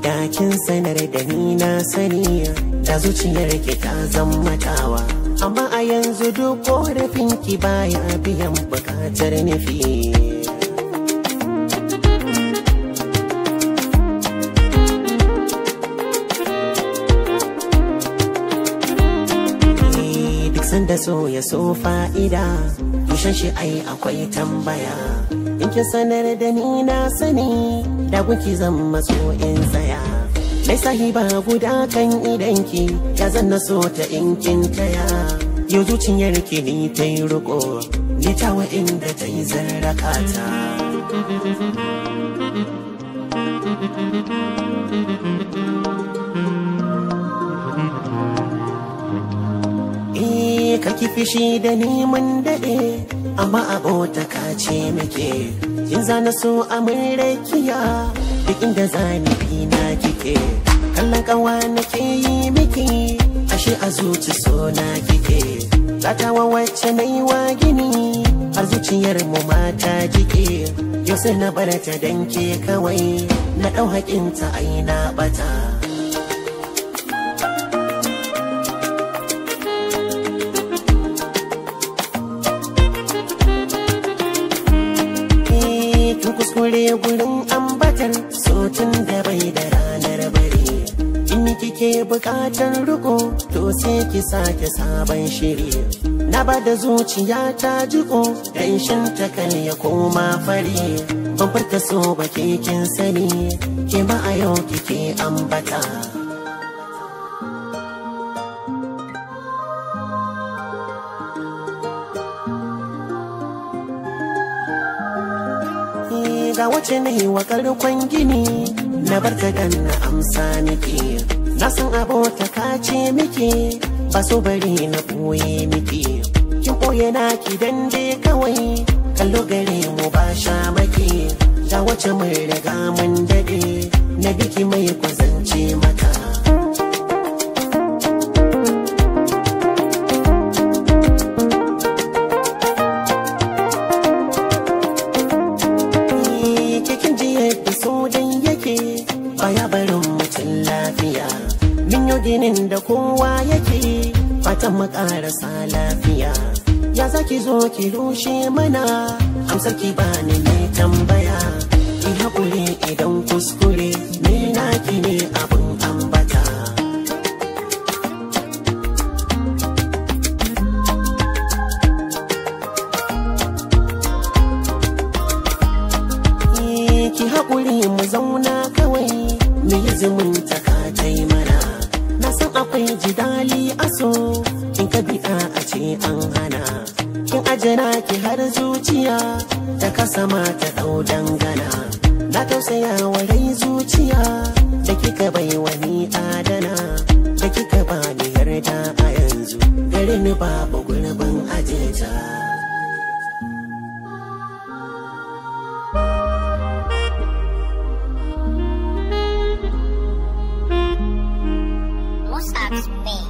Dakin sanar da ni na sani da zuciyar ke ta zammatawa amma a yanzu duk ƙorafin ki baya biyan bukatar nufi san da so ya so fa'ida tushen shi ai akwai tambaya in ki sanar da ni na sani da kuki zan matso in tsaya mai sahiba guda kan ki ya zanna so ta in kin taya yau zuciyar ki ni ta yi riko ni ta inda ta yi zarraka ta ne ka kifishi da neman daɗe amma abota ka ce muke yin zana so a rakiya duk inda zani bi na kike Kallan kawa nake yi miki ashe a zuci so na kike Tatawa wacce na wa gini har zuciyar mu mata kike yau sai na barata danke kawai na ɗau haƙinta aina na ɓata kure gurin ambatar sotun da bai da ranar bare in kike bukatar riko to sai ki sake sabon shiri na da zuciya ta jiko danshin ta kan ya koma fari ban furta so ba kin sani ke ma a yau kike ambata ni ga wace ne wa karkon gini na barka ka na amsa miki na san abota ka ce miki ba so bari na koye miki kin koye na ki dande kawai kallo gare mu ba sha maki ga wace mai riga mun dade na biki mai kwazance maka yake baya barin mutum lafiya min yi ginin da kowa yake fatan makarasa lafiya ya zaki zo ki rushe mana amsar ki bani mai tambaya ki haƙuri idan kuskure ni naki ne abu ki haƙuri mu zauna kawai mu yi zumunta ka tai mana na san akwai jidali aso in ka bi'a a ce an hana kin ajira ki har zuciya ta kasa ma ta ɗau dangana na tausaya wa rai zuciya da kika bai wani adana da kika ba ni yarda a yanzu gare ni babu nose me.